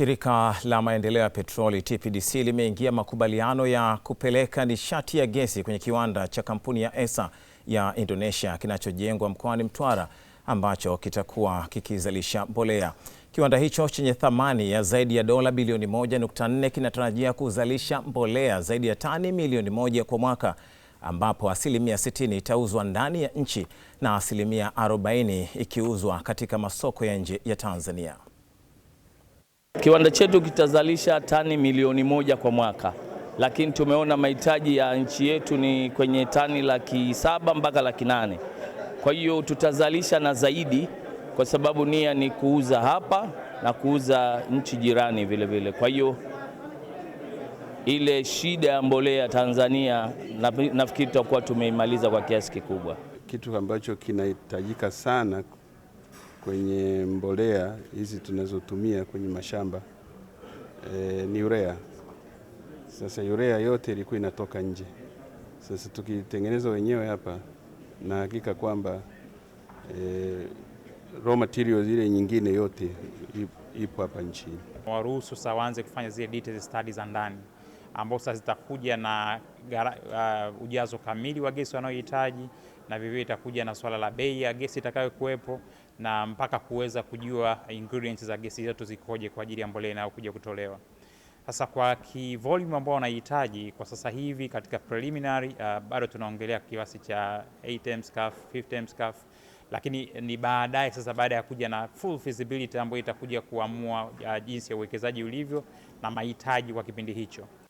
Shirika la maendeleo ya petroli TPDC limeingia makubaliano ya kupeleka nishati ya gesi kwenye kiwanda cha kampuni ya Esa ya Indonesia kinachojengwa mkoani Mtwara ambacho kitakuwa kikizalisha mbolea. Kiwanda hicho chenye thamani ya zaidi ya dola bilioni 1.4 kinatarajia kuzalisha mbolea zaidi ya tani milioni moja kwa mwaka ambapo asilimia 60 itauzwa ndani ya nchi na asilimia 40 ikiuzwa katika masoko ya nje ya Tanzania. Kiwanda chetu kitazalisha tani milioni moja kwa mwaka, lakini tumeona mahitaji ya nchi yetu ni kwenye tani laki saba mpaka laki nane. Kwa hiyo tutazalisha na zaidi, kwa sababu nia ni kuuza hapa na kuuza nchi jirani vile vile. Kwa hiyo ile shida ya mbolea Tanzania nafikiri tutakuwa tumeimaliza kwa kiasi kikubwa. Kitu ambacho kinahitajika sana kwenye mbolea hizi tunazotumia kwenye mashamba e, ni urea. Sasa urea yote ilikuwa inatoka nje. Sasa tukitengeneza wenyewe hapa, na hakika kwamba e, raw materials zile nyingine yote ipo hapa nchini. Waruhusu sawanze kufanya zile details studies za ndani ambao sasa zitakuja na uh, ujazo kamili wa gesi wanayohitaji na vivyo itakuja na swala la bei ya gesi itakayokuwepo na mpaka kuweza kujua ingredients za gesi zetu zikoje kwa ajili ya mbolea inayokuja kutolewa. Sasa kwa ki volume ambao wanahitaji kwa sasa hivi katika preliminary uh, bado tunaongelea kiasi cha 8 MSCF, 5 MSCF, lakini ni baadaye sasa, baada ya kuja na full feasibility ambayo itakuja kuamua uh, jinsi ya uwekezaji ulivyo na mahitaji kwa kipindi hicho.